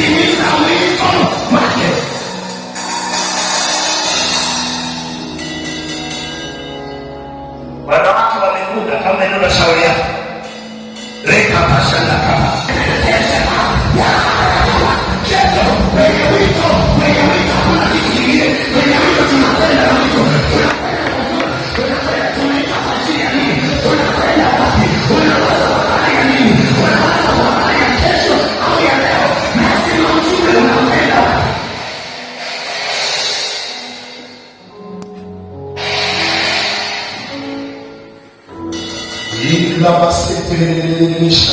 utimiza wito ili la basi tiririririsha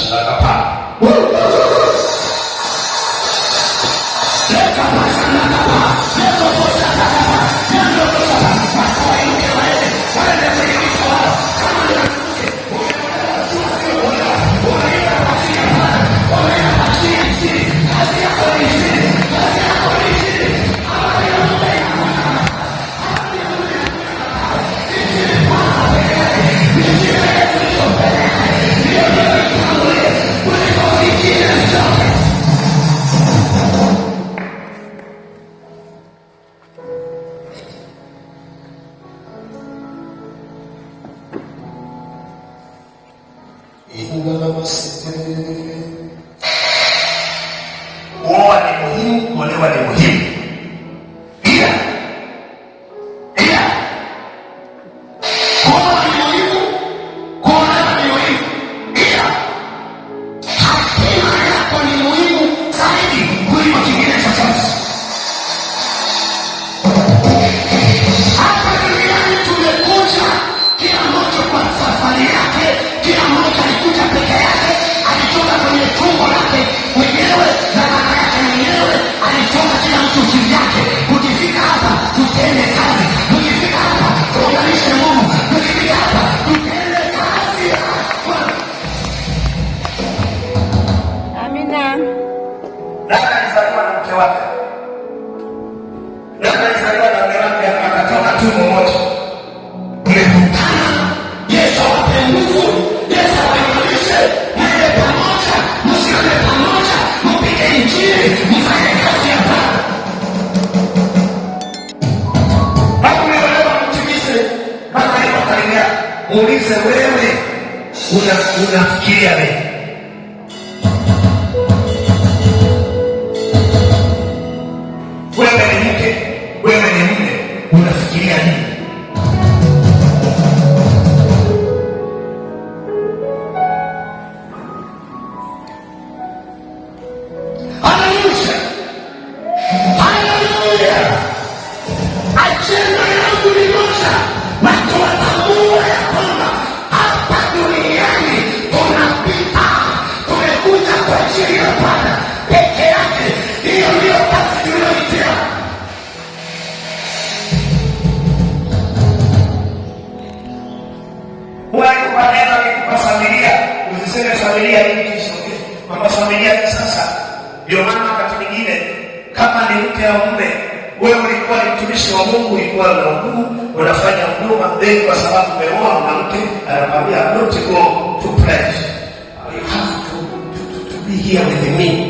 Ingalama Sitiri Amina. Dada alizaliwa na mke wake, dada alizaliwa na mke wake, akatoka tumbo moja. Tumekutana Yesu awape nguvu, Yesu awaimarishe, mwende wewe, unafikiria nini? ശരിയാണ് Hallelujah! Hallelujah! Accendiamo di cosa? My tu familia mambo familia kisasa. Ndio maana wakati mwingine kama ni mke au mume, wewe ulikuwa ni mtumishi wa Mungu, ulikuwa na Mungu unafanya huduma bei, kwa sababu umeoa mwanamke, anakwambia not go to pledge you have to, to, to, to be here with me